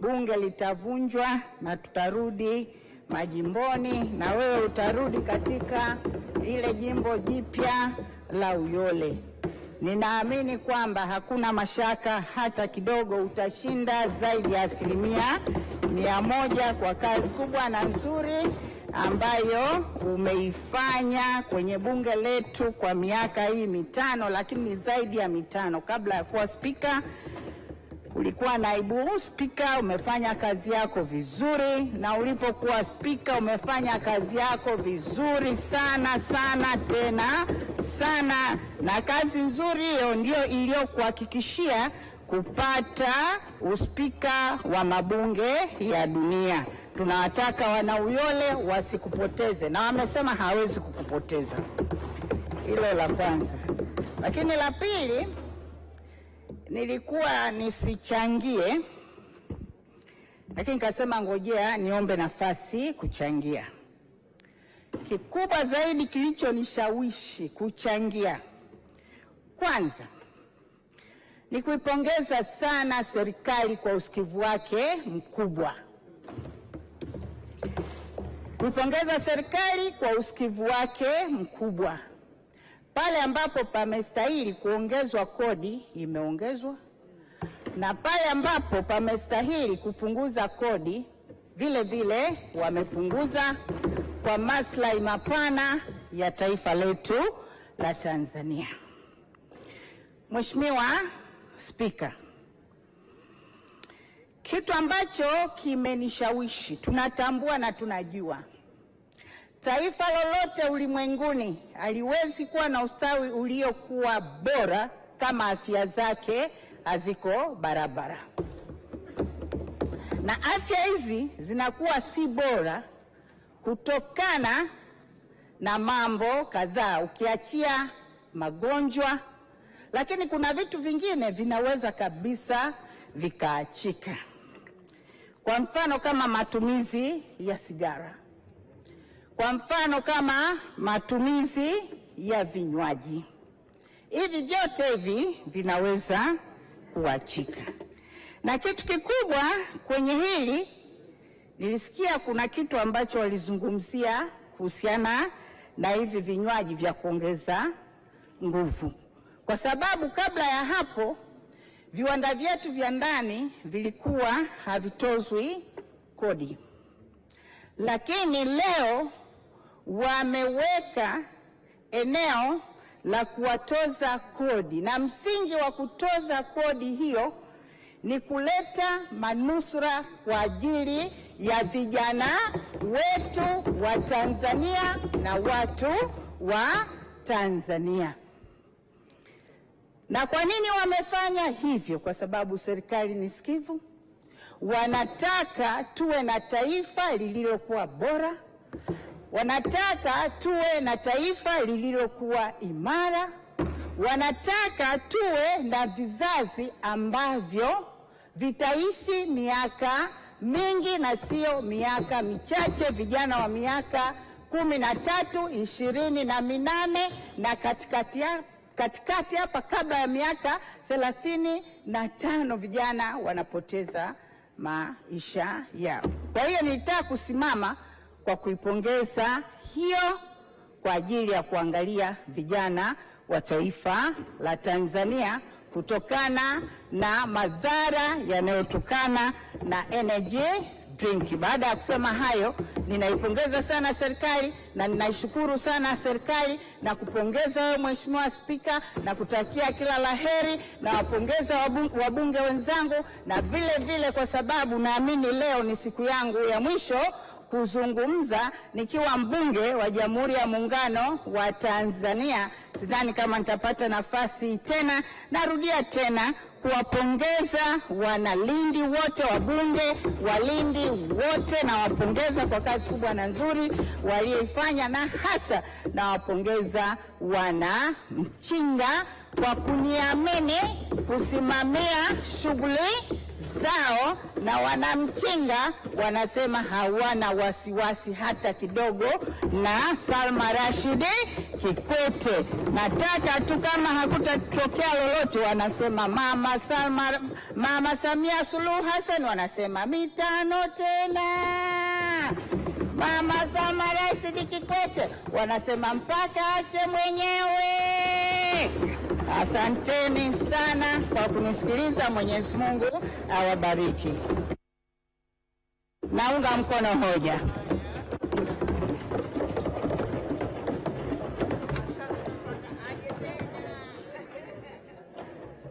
bunge litavunjwa na tutarudi majimboni, na wewe utarudi katika lile jimbo jipya la Uyole. Ninaamini kwamba hakuna mashaka hata kidogo, utashinda zaidi ya asilimia mia moja kwa kazi kubwa na nzuri ambayo umeifanya kwenye bunge letu kwa miaka hii mitano, lakini ni zaidi ya mitano kabla ya kuwa spika. Ulikuwa naibu spika, umefanya kazi yako vizuri, na ulipokuwa spika umefanya kazi yako vizuri sana sana, tena sana, na kazi nzuri hiyo ndio iliyokuhakikishia kupata uspika wa mabunge ya dunia. Tunawataka wanauyole wasikupoteze, na wamesema hawezi kukupoteza. Hilo la kwanza, lakini la pili Nilikuwa nisichangie lakini nikasema ngojea niombe nafasi kuchangia. Kikubwa zaidi kilichonishawishi kuchangia, kwanza ni kuipongeza sana serikali kwa usikivu wake mkubwa, kuipongeza serikali kwa usikivu wake mkubwa pale ambapo pamestahili kuongezwa kodi imeongezwa, na pale ambapo pamestahili kupunguza kodi vile vile wamepunguza, kwa maslahi mapana ya taifa letu la Tanzania. Mheshimiwa Spika, kitu ambacho kimenishawishi, tunatambua na tunajua Taifa lolote ulimwenguni haliwezi kuwa na ustawi uliokuwa bora kama afya zake haziko barabara, na afya hizi zinakuwa si bora kutokana na mambo kadhaa, ukiachia magonjwa, lakini kuna vitu vingine vinaweza kabisa vikaachika. Kwa mfano kama matumizi ya sigara kwa mfano kama matumizi ya vinywaji, hivi vyote hivi vinaweza kuachika. Na kitu kikubwa kwenye hili, nilisikia kuna kitu ambacho walizungumzia kuhusiana na hivi vinywaji vya kuongeza nguvu, kwa sababu kabla ya hapo viwanda vyetu vya ndani vilikuwa havitozwi kodi, lakini leo wameweka eneo la kuwatoza kodi, na msingi wa kutoza kodi hiyo ni kuleta manusura kwa ajili ya vijana wetu wa Tanzania na watu wa Tanzania. Na kwa nini wamefanya hivyo? Kwa sababu serikali ni sikivu, wanataka tuwe na taifa lililokuwa bora Wanataka tuwe na taifa lililokuwa imara, wanataka tuwe na vizazi ambavyo vitaishi miaka mingi na sio miaka michache, vijana wa miaka kumi na tatu, ishirini na minane na katikati katikati hapa, kabla ya miaka thelathini na tano vijana wanapoteza maisha yao. Kwa hiyo nilitaka kusimama kwa kuipongeza hiyo kwa ajili ya kuangalia vijana wa taifa la Tanzania kutokana na madhara yanayotokana na energy drink. Baada ya kusema hayo, ninaipongeza sana serikali na ninaishukuru sana serikali na kupongeza wewe Mheshimiwa Spika na kutakia kila laheri na wapongeza wabunge wenzangu na vile vile, kwa sababu naamini leo ni siku yangu ya mwisho kuzungumza nikiwa mbunge wa Jamhuri ya Muungano wa Tanzania. Sidhani kama nitapata nafasi tena. Narudia tena kuwapongeza wanalindi wote, wabunge walindi wote, nawapongeza kwa kazi kubwa na nzuri walioifanya, na hasa nawapongeza wana Mchinga kwa kuniamini kusimamia shughuli zao na wanamkinga, wanasema hawana wasiwasi hata kidogo na Salma Rashidi Kikwete. Nataka tu kama hakutatokea lolote, wanasema mama Salma, mama Samia Suluhu Hassan, wanasema mitano tena Mama Salma Rashidi Kikwete wanasema mpaka ache mwenyewe. Asanteni sana kwa kunisikiliza. Mwenyezi Mungu awabariki. Naunga mkono hoja.